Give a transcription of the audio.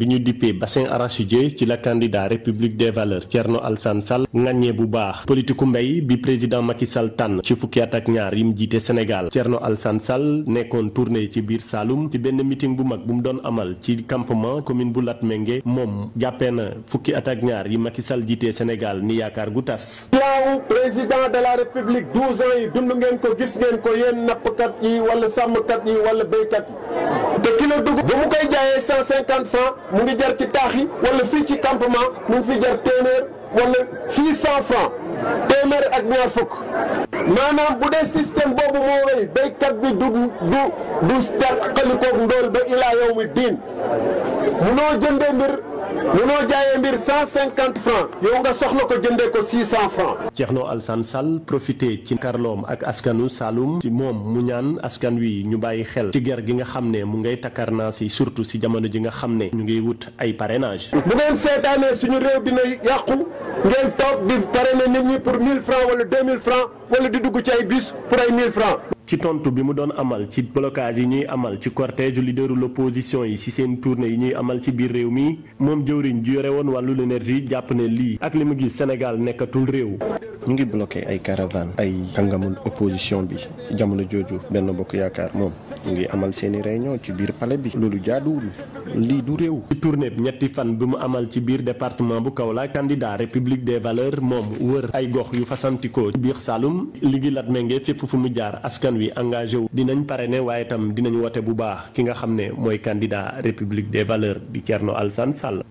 bi ñu dippee bassin arachidier ci la candidat république des valeurs Thierno Alassane Sall ŋàññee bu baax politiku mbéy bi président Macky Sall tànn ci fukki at ak ñaar yi jiite Sénégal Thierno Alassane Sall nekkoon tournée ci biir Saloum ci benn meeting bu mag bu mu doon amal ci campement commune bu Latmingué moom jàppee na fukki at ak ñaar yi Macky Sall jiite Sénégal ni yaakaar gu tas. laaw président de la république 12 ans yi dund ngeen ko gis ngeen ko yéen nappkat yi wala sàmmkat yi wala béykat mu ngi jar ci taax yi wala fii ci campement mu ngi fi jar téeméer wala 600 francs téeméer ak ñaar fukk maanaam bu dee système boobu moo wéy béykat bi du du du tàqalikoog ndóol ba ilaa yow mi diin munoo jëndee mbir. mënoo jaayee mbir francs yow nga soxla ko jëndee ko 600 francs Thierno Alassane Sall profité ci karloom ak askanu Saloum ci moom mu ñaan askan wi ñu bàyyi xel ci ger gi nga xam ne mu ngay takkar naa si surtout si jamono ji nga xam ne ñu ngiy wut ay parrainage bu ngeen seetaanee suñu réew dina yàqu ngeen toog di parrainer nit ñi pour francs wala francs wala di dugg ci ay bis pour ay 1000 francs ci tontu bi mu doon amal ci blocage yi ñuy amal ci cortège leaderu l'opposition yi ci seen tournée yi ñuy amal ci biir réew mi moom jëwriñ ju yore woon wàllu l'énergie jàpp ne lii ak li mu gis Sénégal nekkatul réew. ñu ngi bloqué ay caravane ay kàngamul opposition bi jamono jooju benn bokk yaakaar moom mu ngi amal seeni réunion ci biir pale bi loolu jaaduwul lii du réew. ci tournée ñetti fan bi mu amal ci biir département bu Kaolack candidat république de valeurs moom wër ay gox yu fasantikoo ci biir Saloum ligi lat méngee fépp fu mu jaar askan wi engagé wu dinañ pare ne waaye tam dinañ woote bu baax ki nga xam ne mooy candidat république de valeur di Thierno Alassane